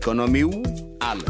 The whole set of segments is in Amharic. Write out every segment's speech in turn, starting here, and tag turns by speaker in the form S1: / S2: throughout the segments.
S1: ኢኮኖሚው አለ።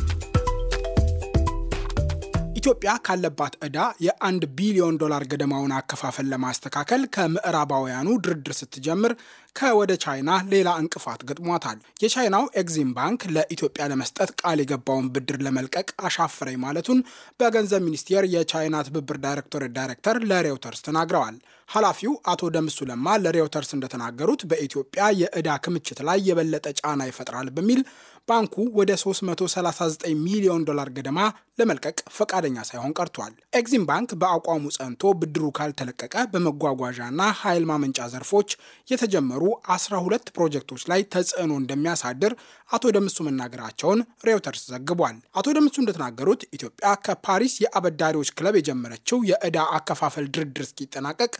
S1: ኢትዮጵያ ካለባት ዕዳ የአንድ ቢሊዮን ዶላር ገደማውን አከፋፈል ለማስተካከል ከምዕራባውያኑ ድርድር ስትጀምር ከወደ ቻይና ሌላ እንቅፋት ገጥሟታል። የቻይናው ኤግዚም ባንክ ለኢትዮጵያ ለመስጠት ቃል የገባውን ብድር ለመልቀቅ አሻፍረኝ ማለቱን በገንዘብ ሚኒስቴር የቻይና ትብብር ዳይሬክቶሬት ዳይሬክተር ለሬውተርስ ተናግረዋል። ኃላፊው አቶ ደምሱ ለማ ለሬውተርስ እንደተናገሩት በኢትዮጵያ የዕዳ ክምችት ላይ የበለጠ ጫና ይፈጥራል በሚል ባንኩ ወደ 339 ሚሊዮን ዶላር ገደማ ለመልቀቅ ፈቃደኛ ሳይሆን ቀርቷል። ኤግዚም ባንክ በአቋሙ ጸንቶ ብድሩ ካልተለቀቀ በመጓጓዣና ኃይል ማመንጫ ዘርፎች የተጀመሩ 12 ፕሮጀክቶች ላይ ተጽዕኖ እንደሚያሳድር አቶ ደምሱ መናገራቸውን ሬውተርስ ዘግቧል። አቶ ደምሱ እንደተናገሩት ኢትዮጵያ ከፓሪስ የአበዳሪዎች ክለብ የጀመረችው የዕዳ አከፋፈል ድርድር እስኪጠናቀቅ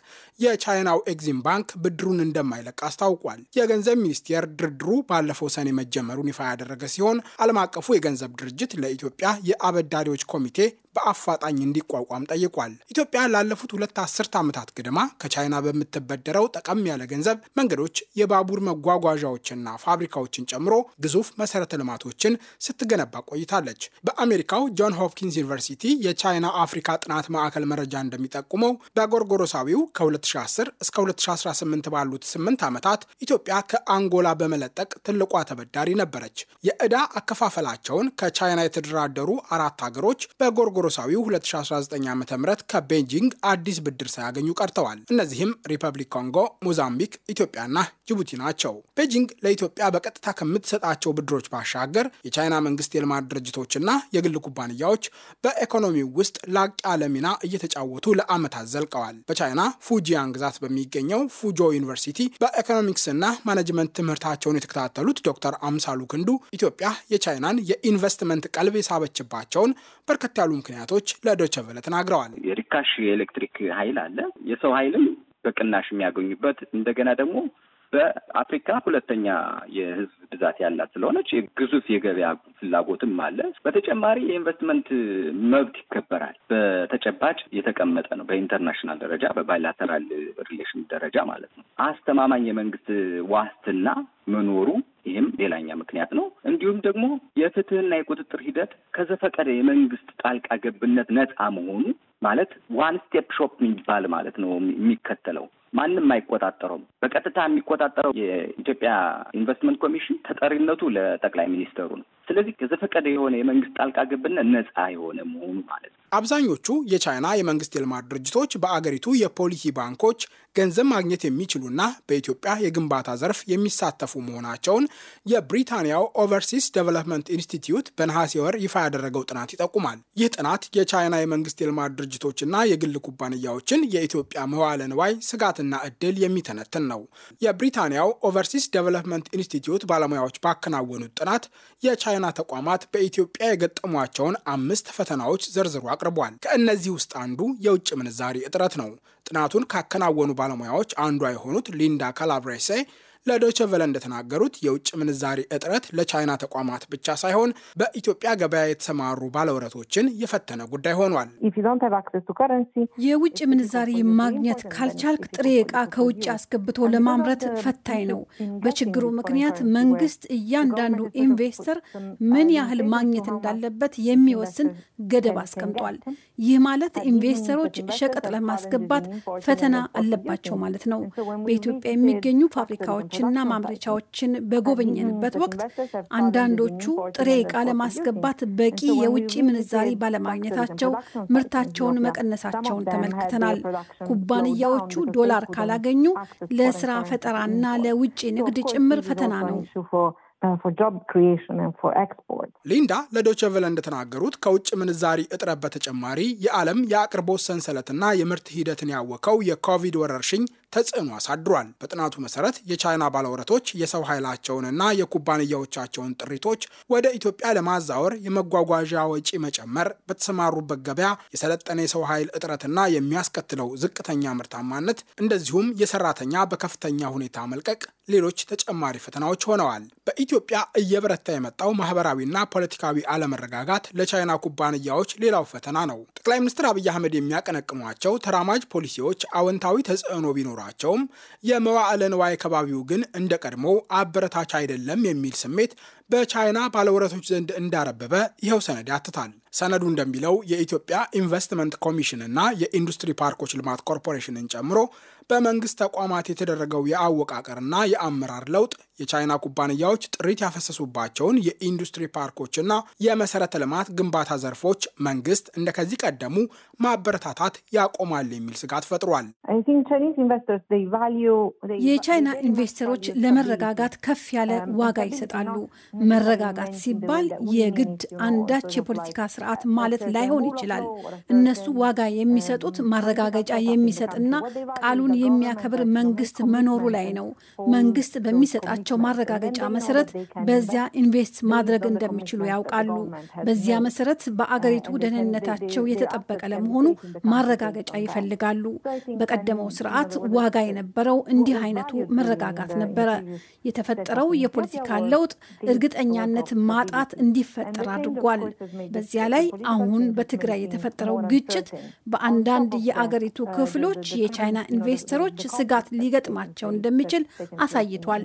S1: የቻይናው ኤግዚም ባንክ ብድሩን እንደማይለቅ አስታውቋል። የገንዘብ ሚኒስቴር ድርድሩ ባለፈው ሰኔ መጀመሩን ይፋ ያደረገ ሲሆን ዓለም አቀፉ የገንዘብ ድርጅት ለኢትዮጵያ የአበዳሪዎች ኮሚቴ በአፋጣኝ እንዲቋቋም ጠይቋል። ኢትዮጵያ ላለፉት ሁለት አስርት ዓመታት ገደማ ከቻይና በምትበደረው ጠቀም ያለ ገንዘብ መንገዶች፣ የባቡር መጓጓዣዎችና ፋብሪካዎችን ጨምሮ ግዙፍ መሰረተ ልማቶችን ስትገነባ ቆይታለች። በአሜሪካው ጆን ሆፕኪንስ ዩኒቨርሲቲ የቻይና አፍሪካ ጥናት ማዕከል መረጃ እንደሚጠቁመው በጎርጎሮሳዊው ከ2010 እስከ 2018 ባሉት ስምንት ዓመታት ኢትዮጵያ ከአንጎላ በመለጠቅ ትልቋ ተበዳሪ ነበረች። የዕዳ አከፋፈላቸውን ከቻይና የተደራደሩ አራት ሀገሮች በጎርጎ በጎርጎሮሳዊው 2019 ዓ ም ከቤጂንግ አዲስ ብድር ሳያገኙ ቀርተዋል። እነዚህም ሪፐብሊክ ኮንጎ፣ ሞዛምቢክ፣ ኢትዮጵያና ጅቡቲ ናቸው። ቤጂንግ ለኢትዮጵያ በቀጥታ ከምትሰጣቸው ብድሮች ባሻገር የቻይና መንግስት የልማት ድርጅቶችና የግል ኩባንያዎች በኢኮኖሚው ውስጥ ላቅ ያለ ሚና እየተጫወቱ ለዓመታት ዘልቀዋል። በቻይና ፉጂያን ግዛት በሚገኘው ፉጆ ዩኒቨርሲቲ በኢኮኖሚክስና ማኔጅመንት ትምህርታቸውን የተከታተሉት ዶክተር አምሳሉ ክንዱ ኢትዮጵያ የቻይናን የኢንቨስትመንት ቀልብ የሳበችባቸውን በርከት ያሉ ምክንያቶች ለዶቸቨለ ተናግረዋል።
S2: የሪካሽ የኤሌክትሪክ ኃይል አለ። የሰው ኃይልም በቅናሽ የሚያገኙበት እንደገና ደግሞ በአፍሪካ ሁለተኛ የህዝብ ብዛት ያላት ስለሆነች ግዙፍ የገበያ ፍላጎትም አለ። በተጨማሪ የኢንቨስትመንት መብት ይከበራል። በተጨባጭ የተቀመጠ ነው። በኢንተርናሽናል ደረጃ በባይላተራል ሪሌሽን ደረጃ ማለት ነው። አስተማማኝ የመንግስት ዋስትና መኖሩ ይህም ሌላኛ ምክንያት ነው። እንዲሁም ደግሞ የፍትህና የቁጥጥር ሂደት ከዘፈቀደ የመንግስት ጣልቃ ገብነት ነፃ መሆኑ ማለት ዋን ስቴፕ ሾፕ የሚባል ማለት ነው የሚከተለው ማንም አይቆጣጠረውም። በቀጥታ የሚቆጣጠረው የኢትዮጵያ ኢንቨስትመንት ኮሚሽን ተጠሪነቱ ለጠቅላይ ሚኒስተሩ ነው። ስለዚህ ከዘፈቀደ የሆነ የመንግስት ጣልቃ ገብነት ነጻ የሆነ መሆኑ ማለት ነው።
S1: አብዛኞቹ የቻይና የመንግስት የልማት ድርጅቶች በአገሪቱ የፖሊሲ ባንኮች ገንዘብ ማግኘት የሚችሉና በኢትዮጵያ የግንባታ ዘርፍ የሚሳተፉ መሆናቸውን የብሪታንያው ኦቨርሲስ ዴቨሎፕመንት ኢንስቲትዩት በነሐሴ ወር ይፋ ያደረገው ጥናት ይጠቁማል። ይህ ጥናት የቻይና የመንግስት የልማት ድርጅቶችና የግል ኩባንያዎችን የኢትዮጵያ መዋለ ንዋይ ስጋትና እድል የሚተነትን ነው። የብሪታንያው ኦቨርሲስ ዴቨሎፕመንት ኢንስቲትዩት ባለሙያዎች ባከናወኑት ጥናት የቻይና ተቋማት በኢትዮጵያ የገጠሟቸውን አምስት ፈተናዎች ዘርዝሯል አቅርቧል። ከእነዚህ ውስጥ አንዱ የውጭ ምንዛሪ እጥረት ነው። ጥናቱን ካከናወኑ ባለሙያዎች አንዷ የሆኑት ሊንዳ ካላብሬሴ ለዶይቸ ቨለ እንደተናገሩት የውጭ ምንዛሪ እጥረት ለቻይና ተቋማት ብቻ ሳይሆን በኢትዮጵያ ገበያ የተሰማሩ ባለውረቶችን የፈተነ ጉዳይ ሆኗል።
S3: የውጭ ምንዛሪ ማግኘት ካልቻልክ ጥሬ ዕቃ ከውጭ አስገብቶ ለማምረት ፈታኝ ነው። በችግሩ ምክንያት መንግስት እያንዳንዱ ኢንቬስተር ምን ያህል ማግኘት እንዳለበት የሚወስን ገደብ አስቀምጧል። ይህ ማለት ኢንቬስተሮች ሸቀጥ ለማስገባት ፈተና አለባቸው ማለት ነው። በኢትዮጵያ የሚገኙ ፋብሪካዎች ፋብሪካዎችና ማምረቻዎችን በጎበኘንበት ወቅት አንዳንዶቹ ጥሬ ዕቃ ለማስገባት በቂ የውጭ ምንዛሪ ባለማግኘታቸው ምርታቸውን መቀነሳቸውን ተመልክተናል። ኩባንያዎቹ ዶላር ካላገኙ ለስራ ፈጠራና ለውጭ ንግድ ጭምር ፈተና ነው።
S1: ሊንዳ ለዶቸቨለ እንደተናገሩት ከውጭ ምንዛሪ እጥረት በተጨማሪ የዓለም የአቅርቦት ሰንሰለትና የምርት ሂደትን ያወከው የኮቪድ ወረርሽኝ ተጽዕኖ አሳድሯል። በጥናቱ መሰረት የቻይና ባለውረቶች የሰው ኃይላቸውንና የኩባንያዎቻቸውን ጥሪቶች ወደ ኢትዮጵያ ለማዛወር የመጓጓዣ ወጪ መጨመር፣ በተሰማሩበት ገበያ የሰለጠነ የሰው ኃይል እጥረትና የሚያስከትለው ዝቅተኛ ምርታማነት እንደዚሁም የሰራተኛ በከፍተኛ ሁኔታ መልቀቅ ሌሎች ተጨማሪ ፈተናዎች ሆነዋል። በኢትዮጵያ እየበረታ የመጣው ማህበራዊና ፖለቲካዊ አለመረጋጋት ለቻይና ኩባንያዎች ሌላው ፈተና ነው። ጠቅላይ ሚኒስትር አብይ አህመድ የሚያቀነቅሟቸው ተራማጅ ፖሊሲዎች አዎንታዊ ተጽዕኖ ቢኖሩ ቢኖራቸውም የመዋዕለ ንዋይ ከባቢው ግን እንደ ቀድሞው አበረታች አይደለም የሚል ስሜት በቻይና ባለውረቶች ዘንድ እንዳረበበ ይኸው ሰነድ ያትታል። ሰነዱ እንደሚለው የኢትዮጵያ ኢንቨስትመንት ኮሚሽን እና የኢንዱስትሪ ፓርኮች ልማት ኮርፖሬሽንን ጨምሮ በመንግስት ተቋማት የተደረገው የአወቃቀርና የአመራር ለውጥ የቻይና ኩባንያዎች ጥሪት ያፈሰሱባቸውን የኢንዱስትሪ ፓርኮችና የመሰረተ ልማት ግንባታ ዘርፎች መንግስት እንደከዚህ ቀደሙ ማበረታታት ያቆማል የሚል ስጋት ፈጥሯል።
S3: የቻይና ኢንቨስተሮች ለመረጋጋት ከፍ ያለ ዋጋ ይሰጣሉ። መረጋጋት ሲባል የግድ አንዳች የፖለቲካ ስርዓት ማለት ላይሆን ይችላል። እነሱ ዋጋ የሚሰጡት ማረጋገጫ የሚሰጥና ቃሉን የሚያከብር መንግስት መኖሩ ላይ ነው። መንግስት በሚሰጣቸው ማረጋገጫ መሰረት በዚያ ኢንቨስት ማድረግ እንደሚችሉ ያውቃሉ። በዚያ መሰረት በአገሪቱ ደህንነታቸው የተጠበቀ ለመሆኑ ማረጋገጫ ይፈልጋሉ። በቀደመው ስርዓት ዋጋ የነበረው እንዲህ አይነቱ መረጋጋት ነበረ። የተፈጠረው የፖለቲካ ለውጥ እርግ እርግጠኛነት ማጣት እንዲፈጠር አድርጓል። በዚያ ላይ አሁን በትግራይ የተፈጠረው ግጭት በአንዳንድ የአገሪቱ uh, ክፍሎች የቻይና ኢንቨስተሮች ስጋት ሊገጥማቸው እንደሚችል አሳይቷል።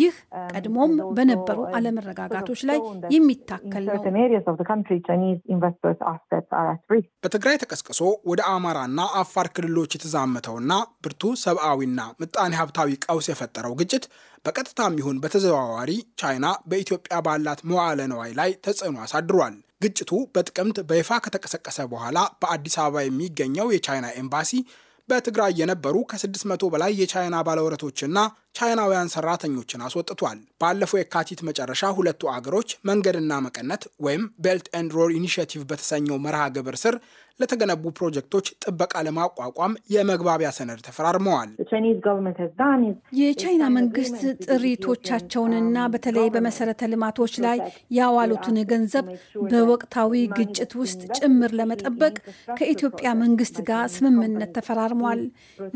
S3: ይህ um, ቀድሞም በነበሩ uh, አለመረጋጋቶች ላይ የሚታከል ነው።
S1: በትግራይ ተቀስቅሶ ወደ አማራና አፋር ክልሎች የተዛመተውና ብርቱ ሰብአዊና ምጣኔ ሀብታዊ ቀውስ የፈጠረው ግጭት በቀጥታም ይሁን በተዘዋዋሪ ቻይና በኢትዮ ኢትዮጵያ ባላት መዋለ ነዋይ ላይ ተጽዕኖ አሳድሯል። ግጭቱ በጥቅምት በይፋ ከተቀሰቀሰ በኋላ በአዲስ አበባ የሚገኘው የቻይና ኤምባሲ በትግራይ የነበሩ ከ600 በላይ የቻይና ባለውረቶችና ቻይናውያን ሰራተኞችን አስወጥቷል። ባለፈው የካቲት መጨረሻ ሁለቱ አገሮች መንገድና መቀነት ወይም ቤልት ኤንድ ሮድ ኢኒሽቲቭ በተሰኘው መርሃ ግብር ስር ለተገነቡ ፕሮጀክቶች ጥበቃ ለማቋቋም የመግባቢያ ሰነድ ተፈራርመዋል።
S3: የቻይና መንግስት ጥሪቶቻቸውንና በተለይ በመሰረተ ልማቶች ላይ ያዋሉትን ገንዘብ በወቅታዊ ግጭት ውስጥ ጭምር ለመጠበቅ ከኢትዮጵያ መንግስት ጋር ስምምነት ተፈራርሟል።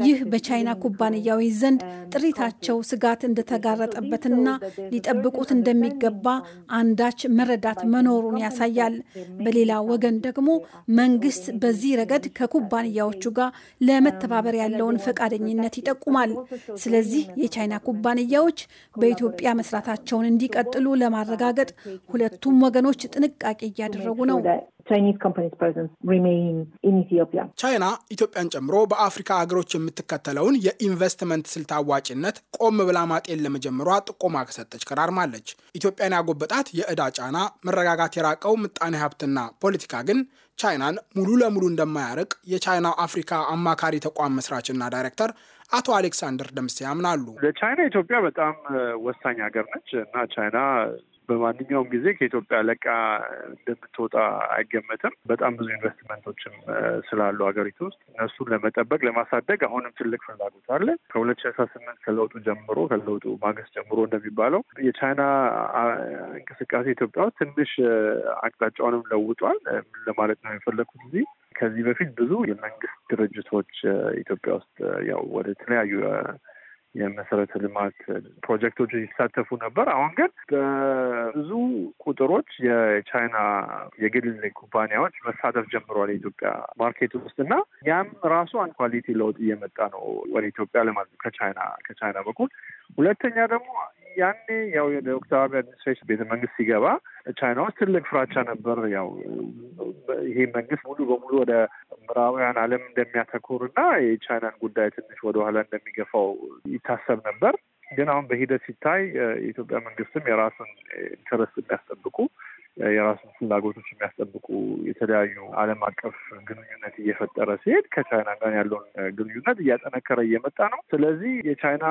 S3: ይህ በቻይና ኩባንያዎች ዘንድ ጥሪታቸው ስጋት እንደተጋረጠበትና ሊጠብቁት እንደሚገባ አንዳች መረዳት መኖሩን ያሳያል። በሌላ ወገን ደግሞ መንግስት በዚህ ረገድ ከኩባንያዎቹ ጋር ለመተባበር ያለውን ፈቃደኝነት ይጠቁማል። ስለዚህ የቻይና ኩባንያዎች በኢትዮጵያ መስራታቸውን እንዲቀጥሉ ለማረጋገጥ ሁለቱም ወገኖች ጥንቃቄ እያደረጉ ነው። ቻይኒዝ
S1: ኢን ኢትዮጵያ ቻይና ኢትዮጵያን ጨምሮ በአፍሪካ ሀገሮች የምትከተለውን የኢንቨስትመንት ስልት አዋጭነት ቆም ብላ ማጤን ለመጀመሯ ጥቆማ ከሰጠች ከራርማለች። ኢትዮጵያን ያጎበጣት የዕዳ ጫና፣ መረጋጋት የራቀው ምጣኔ ሀብትና ፖለቲካ ግን ቻይናን ሙሉ ለሙሉ እንደማያርቅ የቻይና አፍሪካ አማካሪ ተቋም መስራችና ዳይሬክተር አቶ አሌክሳንደር ደምስ ያምናሉ።
S2: ለቻይና ኢትዮጵያ በጣም ወሳኝ ሀገር ነች እና ቻይና በማንኛውም ጊዜ ከኢትዮጵያ ለቃ እንደምትወጣ አይገመትም። በጣም ብዙ ኢንቨስትመንቶችም ስላሉ ሀገሪቱ ውስጥ እነሱን ለመጠበቅ ለማሳደግ አሁንም ትልቅ ፍላጎት አለ። ከሁለት ሺ አስራ ስምንት ከለውጡ ጀምሮ ከለውጡ ማግስት ጀምሮ እንደሚባለው የቻይና እንቅስቃሴ ኢትዮጵያ ውስጥ ትንሽ አቅጣጫውንም ለውጧል ለማለት ነው የፈለግኩት እዚህ ከዚህ በፊት ብዙ የመንግስት ድርጅቶች ኢትዮጵያ ውስጥ ያው ወደ ተለያዩ የመሰረተ ልማት ፕሮጀክቶች ይሳተፉ ነበር። አሁን ግን በብዙ ቁጥሮች የቻይና የግል ኩባንያዎች መሳተፍ ጀምረዋል የኢትዮጵያ ማርኬት ውስጥ እና ያም ራሱ አንድ ኳሊቲ ለውጥ እየመጣ ነው ወደ ኢትዮጵያ ለማለት ነው ከቻይና ከቻይና በኩል ሁለተኛ ደግሞ ያኔ ያው የዶክተር አብይ አድሚኒስትሬሽን ቤተ መንግስት ሲገባ ቻይና ውስጥ ትልቅ ፍራቻ ነበር። ያው ይሄ መንግስት ሙሉ በሙሉ ወደ ምዕራባውያን ዓለም እንደሚያተኩር እና የቻይናን ጉዳይ ትንሽ ወደኋላ እንደሚገፋው ይታሰብ ነበር። ግን አሁን በሂደት ሲታይ የኢትዮጵያ መንግስትም የራሱን ኢንተረስት የሚያስጠብቁ የራሱ ፍላጎቶች የሚያስጠብቁ የተለያዩ ዓለም አቀፍ ግንኙነት እየፈጠረ ሲሄድ ከቻይና ጋር ያለውን ግንኙነት እያጠነከረ እየመጣ ነው። ስለዚህ የቻይና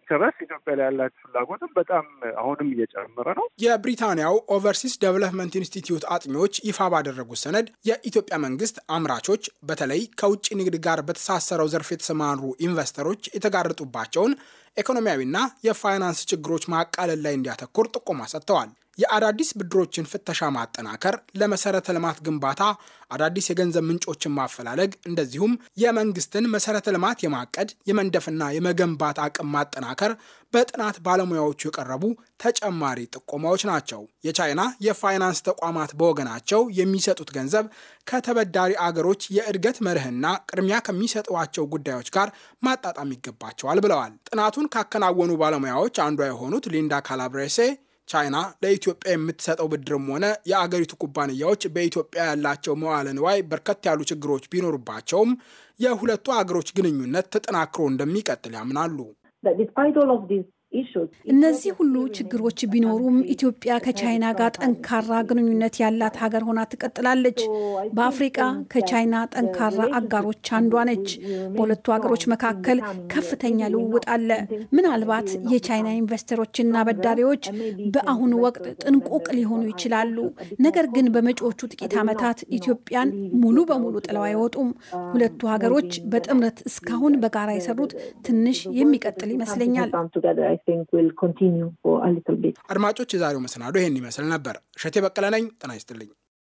S2: ኢንተረስት ኢትዮጵያ ላይ ያላት ፍላጎትም በጣም አሁንም እየጨመረ ነው።
S1: የብሪታንያው ኦቨርሲስ ዴቨሎፕመንት ኢንስቲትዩት አጥኚዎች ይፋ ባደረጉት ሰነድ የኢትዮጵያ መንግስት አምራቾች በተለይ ከውጭ ንግድ ጋር በተሳሰረው ዘርፍ የተሰማሩ ኢንቨስተሮች የተጋረጡባቸውን ኢኮኖሚያዊና የፋይናንስ ችግሮች ማቃለል ላይ እንዲያተኩር ጥቆማ ሰጥተዋል። የአዳዲስ ብድሮችን ፍተሻ ማጠናከር፣ ለመሰረተ ልማት ግንባታ አዳዲስ የገንዘብ ምንጮችን ማፈላለግ፣ እንደዚሁም የመንግስትን መሰረተ ልማት የማቀድ የመንደፍና የመገንባት አቅም ማጠናከር በጥናት ባለሙያዎቹ የቀረቡ ተጨማሪ ጥቆማዎች ናቸው። የቻይና የፋይናንስ ተቋማት በወገናቸው የሚሰጡት ገንዘብ ከተበዳሪ አገሮች የእድገት መርህና ቅድሚያ ከሚሰጧቸው ጉዳዮች ጋር ማጣጣም ይገባቸዋል ብለዋል። ጥናቱን ካከናወኑ ባለሙያዎች አንዷ የሆኑት ሊንዳ ካላብሬሴ ቻይና ለኢትዮጵያ የምትሰጠው ብድርም ሆነ የአገሪቱ ኩባንያዎች በኢትዮጵያ ያላቸው መዋለ ንዋይ በርከት ያሉ ችግሮች ቢኖሩባቸውም የሁለቱ አገሮች ግንኙነት ተጠናክሮ እንደሚቀጥል ያምናሉ።
S3: እነዚህ ሁሉ ችግሮች ቢኖሩም ኢትዮጵያ ከቻይና ጋር ጠንካራ ግንኙነት ያላት ሀገር ሆና ትቀጥላለች። በአፍሪቃ ከቻይና ጠንካራ አጋሮች አንዷ ነች። በሁለቱ ሀገሮች መካከል ከፍተኛ ልውውጥ አለ። ምናልባት የቻይና ኢንቨስተሮችና በዳሪዎች በአሁኑ ወቅት ጥንቁቅ ሊሆኑ ይችላሉ። ነገር ግን በመጪዎቹ ጥቂት ዓመታት ኢትዮጵያን ሙሉ በሙሉ ጥለው አይወጡም። ሁለቱ ሀገሮች በጥምረት እስካሁን በጋራ የሰሩት ትንሽ የሚቀጥል ይመስለኛል።
S1: think will continue for a little bit። አድማጮች፣ የዛሬው መሰናዶ ይሄን ይመስል ነበር። እሸቴ በቀለ ነኝ። ጤና ይስጥልኝ።